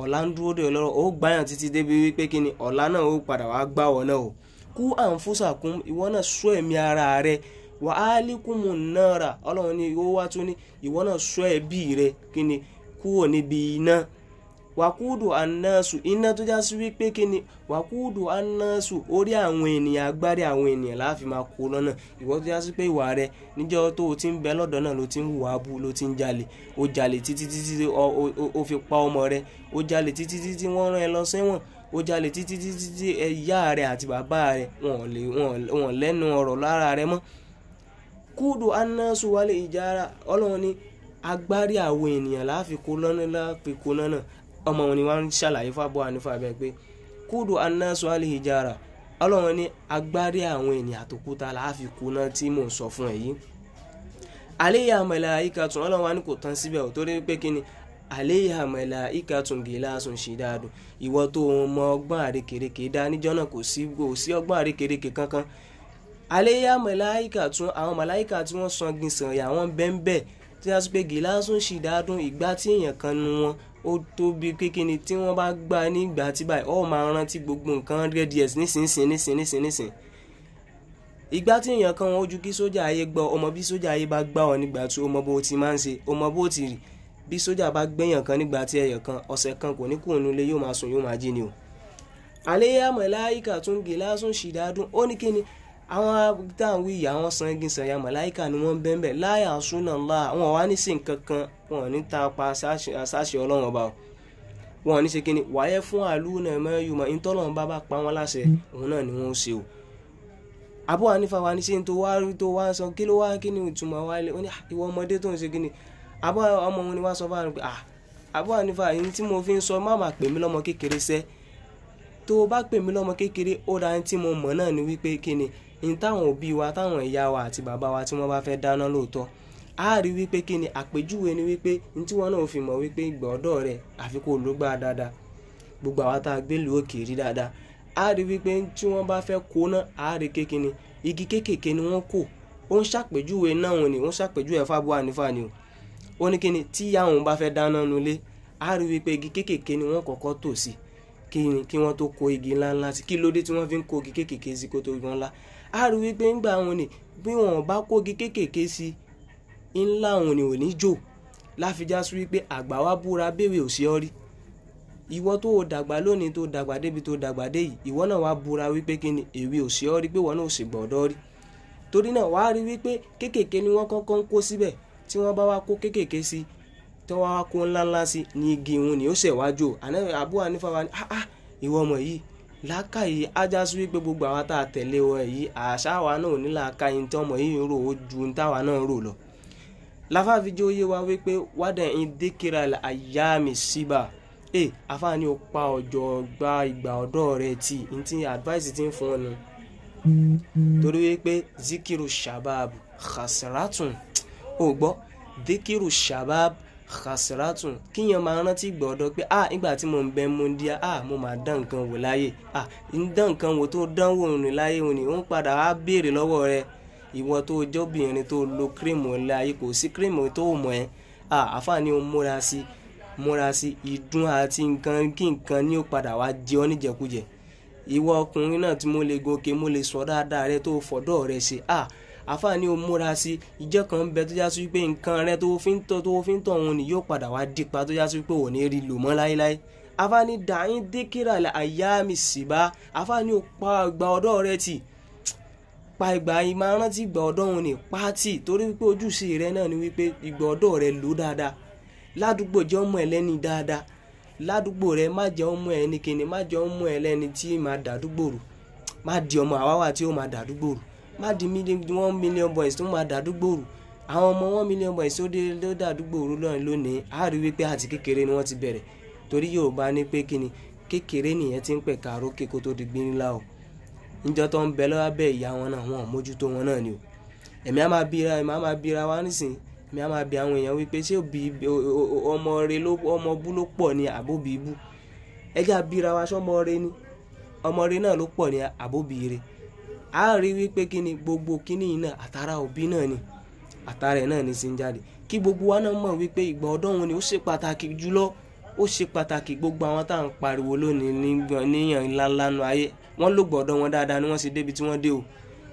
ọ̀la ń dúró de ẹ lọ́wọ́ o gbáyàn títí débi wípé kí ni ọ̀la náà ó padà wá gbá ọ náà o kú àǹfóṣàkún ìwọ náà ṣọ́ ẹ̀mí ara rẹ wà á líkùmù náà rà ọlọ́run ni ó wá tún ní ìwọ náà ṣọ́ ẹbí rẹ kí ni kúrò níbi iná wàkúùdù anásù iná tó já sí wípé kí ni wàkúùdù anásù orí àwọn ènìyàn agbárí àwọn ènìyàn la fi máa kó lọ́nà ìwọ tó já sí pé ìwà rẹ níjọ́ tó o ti ń bẹ lọ́dọ̀ náà ló ti ń hùwà bú ló ti ń jalè o jalè títí títí o fi pa ọmọ rẹ o jalè títí títí wọ́n rán ẹ lọ sẹ́wọ̀n ó jalè títí títí tí ẹyá rẹ àti bàbá rẹ wọn lẹ́nu ọ̀rọ̀ lára rẹ mọ́ kúdù anásù wálé ìjára ọlọ́run ní agbárí àwọn ènìyàn láfikún lọ́nà láfikún lọ́nà ọmọ wọn ni wọ́n ń ṣàlàyé fábọ́ ànífà bẹ́ẹ̀ pé kúdù anáṣọ àlìhìjára ọlọ́run ní agbárí àwọn ènìyàn àtòkúta láàfin kùnà tí mò ń sọ fún ẹ yìí àléyà màláíkà tún ọlọ́run wa ní kò tán síbẹ̀ ò torí pé kíni àléyà màláíkà tún gíláàsùn ṣe dáadùn ìwọ tó mọ ọgbọ́n àrékèrèké dá níjọ́ náà kò sí kò sí ọgbọ́n àrékèrèké kankan àléyà màláíkà tún àwọn màláíkà tí wọ́n sangin sàn yà wọ́n bẹ́ẹ̀ bẹ́ẹ̀ tí wọ́n sọ pé gíláàsùn ṣe dáadùn ìgbà tí èèyàn kan nu wọn ó tóbi kékeré tí wọ́n bá gbà nígbà tí báyìí ó máa rántí gbogbo nǹkan hundred years nísinsìnyí nísinsìnyí nísinsìnyí ìgbà tí èèyàn kan wọn ojú kí sójà ayé gbọ́ ọmọ bí sójà ayé bá gbà ọ nígbà tí ọmọ bó ti máa ń ṣe ọmọ bó ti rì bí sójà bá gbẹ̀yàn kan nígbà tí ẹ̀yàn kan ọ̀sẹ̀ kan kò ní kúrò nílé yóò máa sùn yóò máa jí ni o. àléyàmọ̀ láyìíká tún gè lásùn ṣìdádùn ó ní kíni àwọn táwọn wí yìí àwọn sangin sanya màláìka ni wọ́n bẹ́ẹ̀ bẹ́ẹ̀ láyà súnà ńlá wọn wá ní sí nǹkan kan wọn ní ta pa sáṣẹ ọlọ́run ọba wọn ní ṣe kí ni wàyẹ fún àlù náà mẹ́rin mọ́ ìtọ́lọ́run bá bá pa wọn láṣẹ òun náà ni wọ́n ṣe o àbú ànífà wa ní sí tó wá rí tó wá sọ kí ló wá kí ni ìtumọ̀ wa lé ah, ìwọ ọmọdé tó ń ṣe kí ni àbú ọmọ wọn ni wá sọ fún àrùn pé ah àbú ànífà yìí tí mo fi ń sọ mo mọ̀ ni wípé kí ní táwọn òbí wa táwọn ìyá wa àti bàbá wa tí wọ́n bá fẹ́ dáná lóòótọ́ a rí wípé kí ni àpèjúwe ni wípé ní tí wọn náà fi mọ̀ wípé ìgbà ọ̀dọ́ rẹ̀ àfi kó ló gbà dáadáa gbogbo àwa tá a gbé lu òkè rí dáadáa a rí wípé tí wọ́n bá fẹ́ kó náà a rí kékin ni igi kéékèèké ni wọ́n kó ó ń ṣàpèjúwe náà wọn ni ó ń ṣàpèjúwe fábọ́ ànífà o ó ní kí ni tí ìyá òun bá fẹ́ dáná nulé a rí wípé igi kéékèèké ni wọ́n kọ́kọ́ tò sí kí ni tó kó igi ńláńlá sí kí lóde tí wọ́n fi ń kó igi kéékèèké sí kó tó ńlá á rí wípé ńgbà wọn ni bí wọn bá kógi kéékèèké sí i ńlá wọn ni ò ní jò láfijá sí wípé àgbà wa búra béèrè ò sí ọ rí ìwọ tó o dàgbà lónìí tó o dàgbà débi tó o dàgbà dé yìí ìwọ náà wá búra wípé kí ni èwe ò sí ọ rí pé wọn náà ò sì gbọ́dọ̀ rí torí náà wàá rí wípé kéékèèké ni wọ́n kọ́kọ́ ń kó síbẹ̀ tí wọ́n bá wá kó kéékèèké sí tí wọ́n wá kó ńláńlá sí ni igi òun ni ó ṣẹ̀ wá jò àbúrò ànífà ni ah ah ìwọ ọmọ yìí làákàyè ajá sí wípé gbogbo àwa tá a tẹ̀lé wọn yìí àṣà àwa náà ò ní làákàyè tí ọmọ yìí ń rò ó ju ní táwa náà ń rò lọ. láfáàfi jẹ́ òye wa wípé wádẹ̀ ń dékèrà àyà mi síbà ẹ àfáàní o pa ọjọ́ gba ìgbà ọ̀dọ́ rẹ tí n ti advice ti ń fún ọ nu. torí wípé zikiru shabab khasratun ò gbọ́ zikiru shabab khasiratun kíyàn máa rántí gbọ́dọ̀ pé ah nígbà tí mo ń bẹ múndíá ah mo máa dán nǹkan wò láyé ah ń dán nǹkan wò tó dán wò ní láyé òní ó ń padà á béèrè lọ́wọ́ rẹ ìwọ tó jọ́bìnrin tó lo kírìmù láyé kò sí kírìmù tó mọ̀ ẹ́ ah àfààní o múra sí múra sí ìdun àti nǹkan kí nǹkan ní ó padà wá jẹ ọ́ níjẹkújẹ ìwọ ọkùnrin náà tí mo lè gòkè mo lè sọ dáadáa rẹ tó fọ̀dọ̀ rẹ ṣe ah àfààní o múra sí ìjẹ́ kan ń bẹ tó já sí pé nǹkan rẹ tó fi ń tọ́ tó fi ń tọ̀ òun ni yóò padà wá dípa tó já sí pé òun ní rí lò mọ́ láéláé àfààní dàáyín dékèrà àyà mi sì bá àfààní o pa ìgbà ọ̀dọ́ rẹ tì pa ìgbà ìmọ̀ rántí ìgbà ọ̀dọ́ òun ni pátì torí wípé ojúṣe rẹ náà ni wípé ìgbà ọ̀dọ́ rẹ lò dáadáa ládùúgbò jẹ́ ọmọ ẹlẹ́ni dáadáa ládùúgbò rẹ má jẹ́ ọmọ ẹnikẹ́ni má jẹ́ ọmọ ẹlẹ́ni tí máa dàdúgbò rù má di ọmọ àwáwà tí ó máa dàdúgbò má di one million boys tó máa dàdúgbò rù àwọn ọmọ one million boys tó dé ló dàdúgbò rù lọ́rin lónìí á rí wípé àti kékeré ni wọ́n ti bẹ̀rẹ̀ torí Yorùbá ní pé kíni kékeré nìyẹn ti ń pẹ̀ kàró kíkó tó di gbéńlá o níjọ́ tó ń bẹ lọ́wọ́ bẹ́ẹ̀ ìyá wọn náà wọn ò mójútó wọn náà ni o èmi á máa bira èmi á máa bira wá nísìn èmi á máa bi àwọn èèyàn wípé ṣé òbí ọmọ rẹ ló ọmọ bú ló pọ̀ ni àbóbi bú ẹjẹ́ àbíra wa ṣọmọ rẹ ni ọmọ rẹ náà ló pọ̀ ni àbóbi rẹ a rí wípé kí ni gbogbo kíní yìí náà àtàrà òbí náà ni àtàrà ẹ̀ náà ni sí ń jáde kí gbogbo wa náà mọ̀ wípé ìgbà ọ̀dọ́ ni ó ṣe pàtàkì jùlọ ó ṣe pàtàkì gbogbo àwọn tá à ń pariwo lónìí níyàn ńláńlá ayé wọ́n ló gbọ́dọ̀ wọn dáadáa ni wọ́n ṣe débi tí wọ́n dé o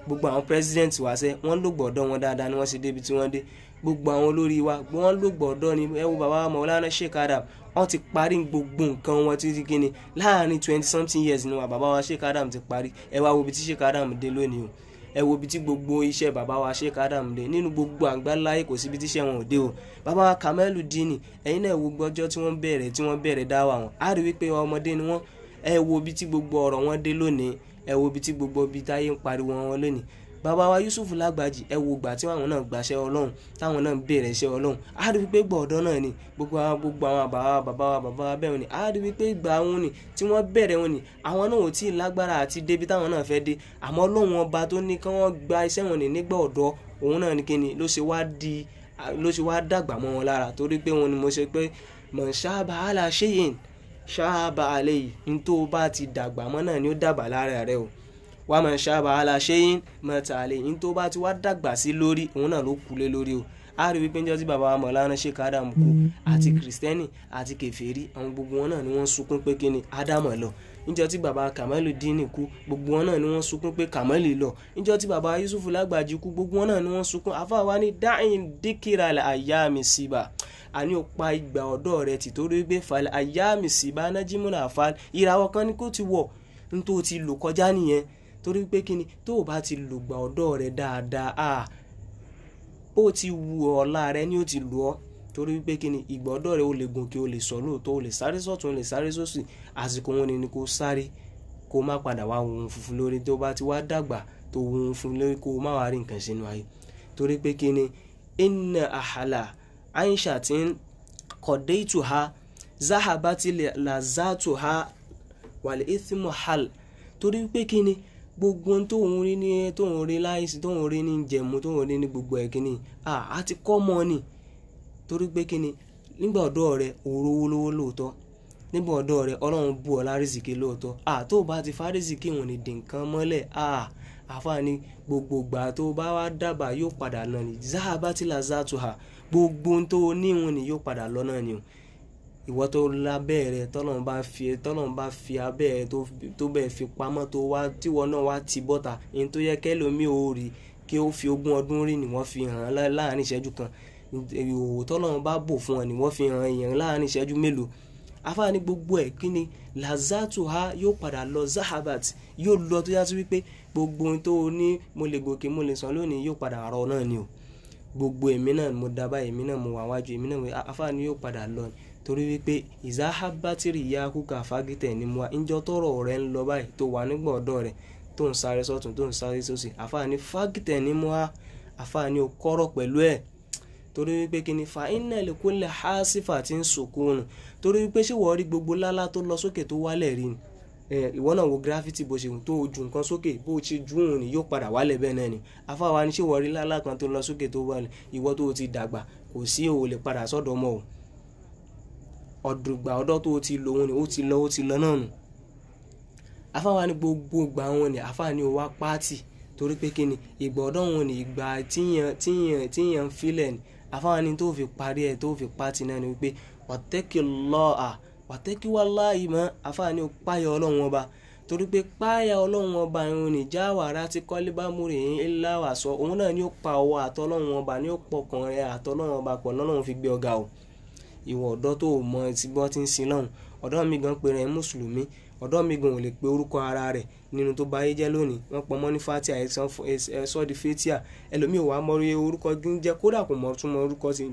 gbogbo àwọn president wa sẹ́ wọ́n ló gbọ́dọ̀ wọn dáadáa ni wọ́n ṣe débi tí wọ́n dé gbogbo àwọn olórí wa wọ́n ló gbọ́dọ̀ ni ẹ bàbá wa Maulana Sheikh Adam wọ́n ti parí gbogbo nǹkan wọn títí kíni láàrin twenty something years ni wa bàbá wa Sheikh Adam ti parí ẹ wá wo ibi tí Sheikh Adam dé lónìí o ẹ wo ibi tí gbogbo iṣẹ́ bàbá wa Sheikh Adam dé nínú gbogbo àgbáláyé kò síbi tíṣẹ́ wọn ò dé o bàbá wa Kamelu Dini ẹ̀yin náà wo gbọ́jọ́ tí wọ́n bẹ̀rẹ̀ tí wọ́n bẹ̀rẹ̀ dáwà wọn á rí wípé ọmọdé ni wọ́n ẹ wo ibi tí gbogbo ọ̀rọ̀ wọn dé lónìí ẹ wo ibi tí gbogbo ibi táyé ń pariwo wọn lónìí bàbá wa Yusuf Lágbàjì ẹ wo ìgbà tí àwọn náà gbàṣẹ Ọlọ́run táwọn náà bẹ̀rẹ̀ iṣẹ́ Ọlọ́run á rí wípé gbọ̀ọ̀dọ́ náà ni gbogbo àwọn gbogbo àwọn bàbá wa bàbá wa bàbá wa bẹ́ẹ̀ ni á rí wípé ìgbà wọn ni tí wọ́n bẹ̀rẹ̀ wọn ni àwọn náà ò tí ì lágbára àti débi táwọn náà fẹ́ dé àmọ́ Ọlọ́run ọba tó ní kí wọ́n gba iṣẹ́ wọn ni nígbà ọ̀dọ́ òun náà ni kí ni ló ṣe wá di ló ṣe wá dàgbà mọ́ wọn lára torí pé wọn ni mo ṣe pé mọ̀ ṣáàbà àlà ṣáàbà àlẹ́ yìí ní tó bá ti dàgbà mọ́ náà ni ó dàgbà lára rẹ o wà máa ń ṣàbà aláṣẹ́yìn máa tà lé ní tó bá ti wá dàgbà sí lórí òun náà ló kú lé lórí o a rí wípé ń tí bàbá wa Mọ̀lánà Sheikh Adam kú mm. àti mm. kìrìsìtẹ́nì àti kẹfẹ́rí àwọn gbogbo wọn náà ni wọ́n sunkún pé kíni ádámọ̀ lọ níjọ́ tí bàbá kàmẹ́lì dínì kú gbogbo wọn náà ni wọ́n sunkún pé kàmẹ́lì lọ níjọ́ tí bàbá Yusufu lágbàjì kú gbogbo wọn náà ni wọ́n sunkún àfa wa dáhìn díkìrà àyà mi síbà àní ó pa ìgbà ọ̀dọ́ rẹ̀ tìtorí gbé falẹ̀ àyà mi síbà nájímúnà ni kò torí pé kíni tó o bá ti lùgbà ọ̀dọ́ rẹ dáadáa a bó ti wù ọ́ ọ̀la rẹ ni ó ti lù ọ́ torí pé kíni ìgbà ọ̀dọ́ rẹ o lè gòkè o lè sọ lóòótọ́ o lè sáré sọ̀tún o lè sáré sósì àsìkò wọn ni kò sáré kó má padà wá ohun funfun lórí tó bá ti wá dàgbà tó ohun funfun lórí kó má wá rí nǹkan sínú ayé torí pé kíni inna ahala aisha ti ń kọ̀dé ìtùhá zahabati lazatuha wal ithmu hal torí pé kíni gbogbo ohun tó ń rí ní tó ń rí láìsí tó ń rí ní jẹ̀mú tó ń rí ní gbogbo ẹ̀ kíni a ti kọ́ mọ́ ni torí pé kíni nígbà ọ̀dọ́ rẹ òru owó lówó lóòótọ́ nígbà ọ̀dọ́ rẹ ọlọ́run bù ọ lárísìkí lóòótọ́ a tó bá ti fárísìkí wọn ni dìǹkan mọ́lẹ̀ a àfààní gbogbo gbà tó bá wá dábàá yóò padà lọ ni záà ha gbogbo tó ní wọn ni yóò padà lọ náà ni o ìwọ tó lábẹ́ rẹ tọ́lọ́n bá fi tọ́lọ́n bá fi abẹ́ rẹ tó bẹ́ẹ̀ fi pamọ́ tó wá tíwọ náà wá ti bọ́ta ẹni tó yẹ kẹ́lòmíì ò rí kí ó fi ogún ọdún rí ni wọ́n fi hàn án láàrin ìṣẹ́jú kan ìhòòhò tọ́lọ́n bá bò fún ọ ni wọ́n fi hàn èèyàn láàrin ìṣẹ́jú mélòó afáàní gbogbo ẹ̀ kí ni lazatu ha yóò padà lọ zahabat yóò lọ tó yàtú wípé gbogbo ohun tó o ní mo lè gòkè mo lè sàn lónìí yóò padà rọ náà ni o gbogbo èmi náà mo dábàá èmi náà mo wà wájú èmi náà afáàní yóò padà lọ torí wípé ìzáhá bátìrì ya kúkà fagitẹ̀ ni mo wá ńjọ́ tọ̀rọ̀ rẹ̀ ń lọ báyìí tó wà nígbà ọ̀dọ́ rẹ̀ tó ń sáré sọ́tún tó ń sáré sósì àfààní fagitẹ̀ ni mo wá àfààní o kọ́rọ̀ pẹ̀lú torí wípé kí ni fa iná ìlẹ̀kùnlẹ̀ há sífà tí ń sòkòrùn torí wípé ṣé wọ́n rí gbogbo lálá tó lọ sókè tó wálẹ̀ rí ni ìwọ náà wo gírafítì bó ṣe tó ju nǹkan sókè bó ṣe ju òun ni yóò padà wálẹ̀ bẹ́ẹ̀ náà ni afáwa ni ṣé wọ́n rí lálá kan tó lọ sókè tó wálẹ̀ ìwọ tó ti dàgbà kò sí òun lè padà sọ́dọ̀ ọmọ o ọ̀dùgbà ọ̀dọ́ tó ti lò wọn ni ó ti lọ ó ti lọ náà nù afáwa ni gbogbo ìgbà wọn ni afáwa ni ó wá pààtì torí pé kíni ìgbà ọ̀dọ́ wọn ni ìgbà tíyàn tíyàn tíyàn filẹ̀ ni afáwa ni tó fi parí ẹ̀ tó fi pààtì náà ni wípé wàtẹ́kì lọ́ọ̀à wàtẹ́kì wá láàyè mọ́ afáwa ni ó páyọ̀ ọlọ́run ọba torí pé páyà ọlọ́run ọba ìrun nìjà wàrà tí kọ́lébámúrè ń láwàsọ òun náà ni ó pa ọwọ́ àtọ́lọ́run ọba ni ó pọkàn rẹ̀ àtọ́lọ́run ọba pọ̀ lọ́lọ́run fi gbé ọ̀gá o ìwọ ọ̀dọ́ tó o mọ̀ tí wọ́n ti ń sin lọ́hùn ọ̀dọ́ mi gan pé rẹ̀ mùsùlùmí ọ̀dọ́ mi gan ò lè pe orúkọ ara rẹ̀ nínú tó bá yé jẹ́ lónìí wọ́n pọ̀ mọ́ ní fatia ẹ̀sọ́ di fatia ẹlòmíì ò wá mọ orúkọ jẹ́ kódà kò mọ̀ tún mọ orúkọ sí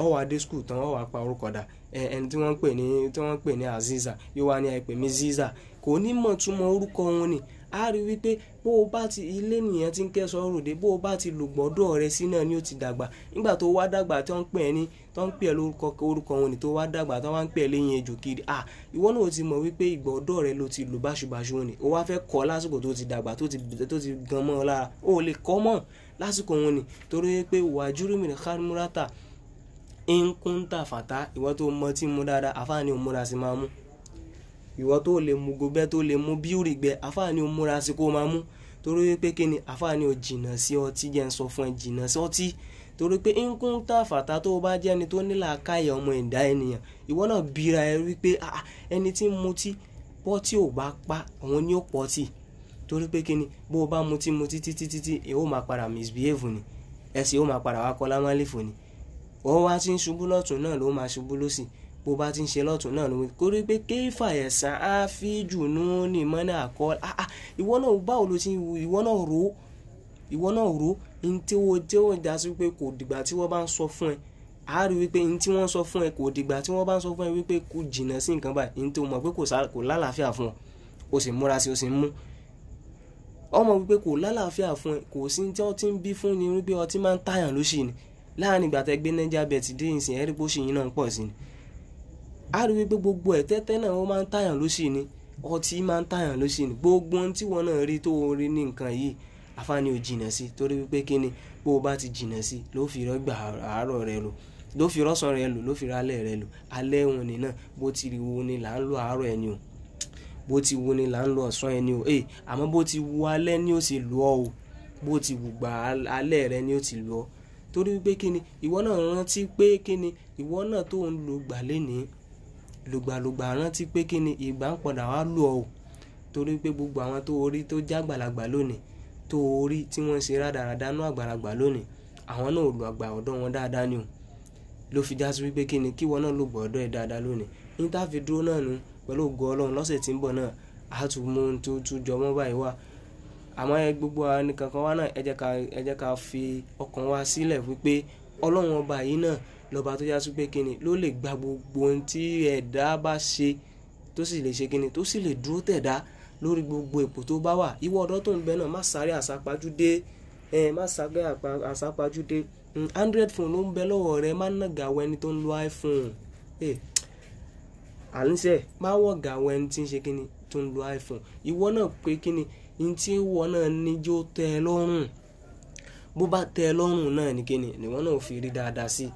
ọwọ́ adé skul tán ọwọ́ apá orúkọ dà ẹni tí wọ́n pè ní tí wọ́n pè ní aziza yóò wá ní àìpè mi ziza kò ní mọ̀ tún mọ orúkọ wọn ni a rí wípé bó o bá ti ilé nìyẹn ti ń kẹ́sọ̀ ọ̀rùn dé bó o bá ti lùgbọ́dọ̀ rẹ sí náà ni ó ti dàgbà nígbà tó wá dàgbà tó ń pè é ní tó ń pè é lórúkọ orúkọ òun ni tó wá dàgbà tó wá ń pè é lẹ́yìn ejò kiri à ìwọ náà ti mọ̀ wípé ìgbọ́dọ̀ rẹ ló ti lù báṣubàṣu ni o wá fẹ́ kọ́ lásìkò tó ti dàgbà tó ti gan mọ́ lára o lè kọ́ mọ́ lásìkò òun ni torí pé wàjúrú mi ní kármúrátà ń kúńtà fàtà ìwọ tó mọ tí mo dáadáa àfáàní òun múra sí máa mú ìwọ tó lè mú gobẹ́ tó lè mú bíúrì gbẹ àfáà ni ó múra sí kó máa mú torí wípé kí ni àfáà ni jìnnà sí ọtí jẹ́ ń sọ fún ẹ jìnnà sí ọtí torí pé nkún tá fàtà tó bá jẹ́ ẹni tó nílà káyà ọmọ ẹ̀dá ènìyàn ìwọ náà bíra ẹ wípé ẹni tí ń mutí pọ́tì ò bá pa òun ni ó pọ́tì torí pé kí ni bó o bá mutí mutí títí títí ẹ ó máa padà misbehave ni ẹ sì ó máa padà wá kọ́ lámálẹ́fò ni òun wá ti ń ṣubú lọ́tún náà ló máa ṣubú lọ́sì bó bá ti ń ṣe lọ́tún náà lóhun kó rí pé kéfà ẹ̀sán á fi jù nú ní mọ́nà àkọ́ àà ah, ah, ìwọ náà báwo ló ti ìwọ náà rò ó ìwọ náà rò ó ní tí wọ́n tí wọ́n já sí pé kò dìgbà tí wọ́n bá ń sọ fún ẹ á rí wípé ní tí wọ́n sọ fún ẹ kò dìgbà tí wọ́n bá ń sọ fún ẹ wípé kò jìnnà sí nǹkan báyìí ní tí o mọ̀ pé kò lálàáfíà fún ọ o sì múra sí o sì mú ọmọ wípé kò lálàáfíà fún ẹ kò sí tí wọ́n ti ń bí fún ni wípé ọtí máa ń tàyàn lóṣì ni láàrin ìgbà tẹ́gbẹ́ Niger Bet dé ìsìn ẹ̀rí yìí náà ń pọ̀ sí ni a rí wípé gbogbo ẹ̀ tẹ́tẹ́ náà ó máa ń tàyàn lóṣì ni ọtí máa ń tàyàn lóṣì ni gbogbo ohun tí wọn náà rí tó rí ní nǹkan yìí àfààní ò jìnà sí torí wípé kí ni bó o bá ti jìnà sí ló fi rọ́gbà àárọ̀ rẹ lò ló fi rọ́sàn rẹ lò ló fi rálẹ̀ rẹ lò alẹ́ òun ni náà bó ti rí wo ni là ń lo àárọ̀ ẹni o bó ti wo ni là ń lo ọ̀sán ẹni o ee àmọ́ bó ti wo alẹ́ ni ó sì lù ọ́ o bó ti wù gbà alẹ́ rẹ ni ó ti lù torí wípé kí ni ìwọ náà rántí pé kí ni ìwọ náà tó ń lo gbà lénìí lùgbàlùgbà rántí pé kí ni ìgbà ń padà wá lù ọ́ o torí pé gbogbo àwọn tó orí tó já àgbàlagbà lónìí tó orí tí wọ́n ń ṣe rádaràda nú àgbàlagbà lónìí àwọn náà lu àgbà ọ̀dọ́ wọn dáadáa ni o ló fi já sí wípé kí ni kí wọn náà lò bọ̀ ọ̀dọ́ ẹ̀ dáadáa lónìí níta fi dúró náà nu pẹ̀lú ògo ọlọ́run lọ́sẹ̀ tí ń bọ̀ náà a tún mú un tó tún jọmọ́ báyìí wá àmọ́ ẹ gbogbo àwọn kankan wá náà ẹ jẹ́ ká fi ọkàn wa sílẹ̀ wípé ọlọ́run ọba yìí náà lọ́ba tó yásí pé kíni ló lè gba gbogbo ohun tí ẹ̀dá bá ṣe tó sì lè ṣe kíni tó sì lè dúró tẹ̀dá lórí gbogbo ipò tó bá wà ìwọ ọ̀dọ́ tó ń bẹ náà má sáré àsápajúdé ẹ má sáré àsápajúdé hmm, android phone ló ń bẹ lọ́wọ́ rẹ má nàgà àwọn ẹni tó ń lo iphone ẹ àníṣe má wọ̀gà àwọn ẹni tí ń ṣe kíni tó ń lo iphone ìwọ náà pé kíni ní tí ìwọ náà níjó tẹ́ ẹ lọ́rùn bó bá tẹ́ ẹ lọ́rùn náà ní kíni ìwọ náà ò fi rí dáadáa sí i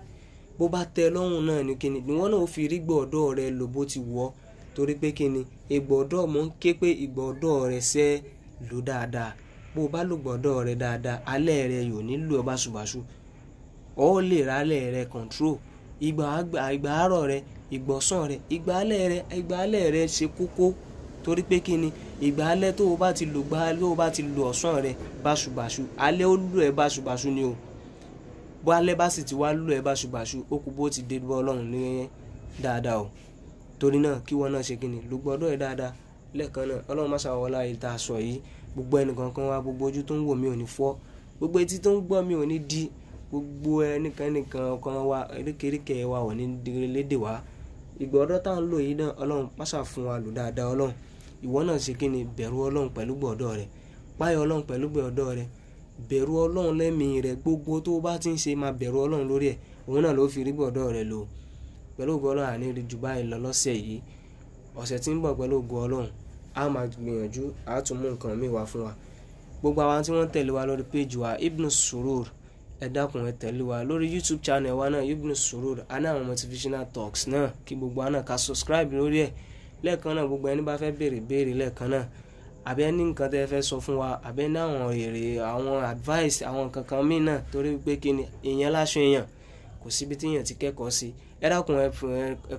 bó bá tẹ́ lọ́rùn náà ni kíni ìwọ náà ó fi rí gbọ̀ọ́dọ̀ rẹ lò bó ti wọ̀ ọ́ torí pé kíni ìgbọ̀ọ́dọ̀ mọ̀ ń ké pé ìgbọ̀ọ́dọ̀ rẹ sẹ́ lò dáadáa bó bá lò gbọ̀ọ́dọ̀ rẹ dáadáa alẹ́ rẹ yóò nílò báṣubàṣu ọ́ lè ra alẹ́ rẹ control ìgbà àárọ̀ rẹ ìgbọ̀sán rẹ ìgbà alẹ́ rẹ ìgbà alẹ́ rẹ ṣe kókó torí pé kíni ìgbà alẹ́ tó o bá ti lò gbà tó o bá ti lò ọ̀sán rẹ báṣubàṣu alẹ́ ó lù ẹ́ báṣubàṣu ni o bó alẹ́ bá sì ti wá lù ẹ́ bá ṣùbàṣù ó kú bó ti dé bọ́ ọlọ́run ní dáadáa o torí náà kí wọn náà ṣe kíni ló gbọ́dọ̀ ẹ dáadáa lẹ́ẹ̀kan náà ọlọ́run má ṣàwọ ọlá ìta sọ yìí gbogbo ẹnìkankan wa gbogbo ojú tó ń wò mí ò ní fọ́ gbogbo etí tó ń gbọ́ mi ò ní di gbogbo ẹnìkanìkan kan wa erékèéríkè wa ò ní lédè wa ìgbọ́dọ̀ tá à ń lò yìí náà ọlọ́run má ṣàfún wa lò dáadáa ọlọ́run ìwọ náà ṣe kíni bẹ̀rù ọlọ́run pẹ̀lú gbọ́dọ̀ rẹ páyọ ọlọ́run pẹ̀lú gbọ́dọ̀ rẹ bẹ̀rù Ọlọ́run lẹ́mìí rẹ gbogbo tó bá ti ń ṣe máa bẹ̀rù Ọlọ́run lórí ẹ̀ òun náà ló fi rí bọ̀dọ̀ rẹ lò pẹ̀lú ògo Ọlọ́run àní rí báyìí lọ lọ́sẹ̀ yìí ọ̀sẹ̀ tí ń bọ̀ pẹ̀lú ògo Ọlọ́run a máa gbìyànjú a tún mú nǹkan míì wá fún wa gbogbo àwọn tí wọ́n tẹ̀lé wa lórí péjì wa Ibn Surur ẹ dákun ẹ tẹ̀lé wa lórí YouTube channel wa náà Ibn Surur a ní motivational talks náà kí gbogbo wa náà ká subscribe lórí ẹ̀ lẹ́ẹ̀kan náà gbogbo ẹni bá fẹ́ béèrè béèrè lẹ́ẹ̀kan náà àbí ẹni nǹkan tẹ́ fẹ́ sọ fún wa àbí ẹni àwọn èrè àwọn advice àwọn nǹkan kan míì náà torí pé kí ni èèyàn láṣọ èèyàn kò síbi tí èèyàn ti kẹ́kọ̀ọ́ sí ẹ dákun ẹ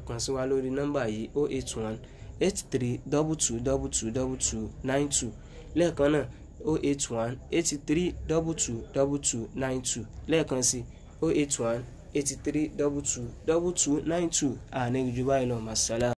kàn sí wa lórí nọ́mbà yìí o oh eight one eight three double two double two double two nine two lẹ́ẹ̀kan náà o oh eight one eight three double two double two nine two lẹ́ẹ̀kan sí o oh eight one eight three double two double two nine two àní jù báyìí màsálà.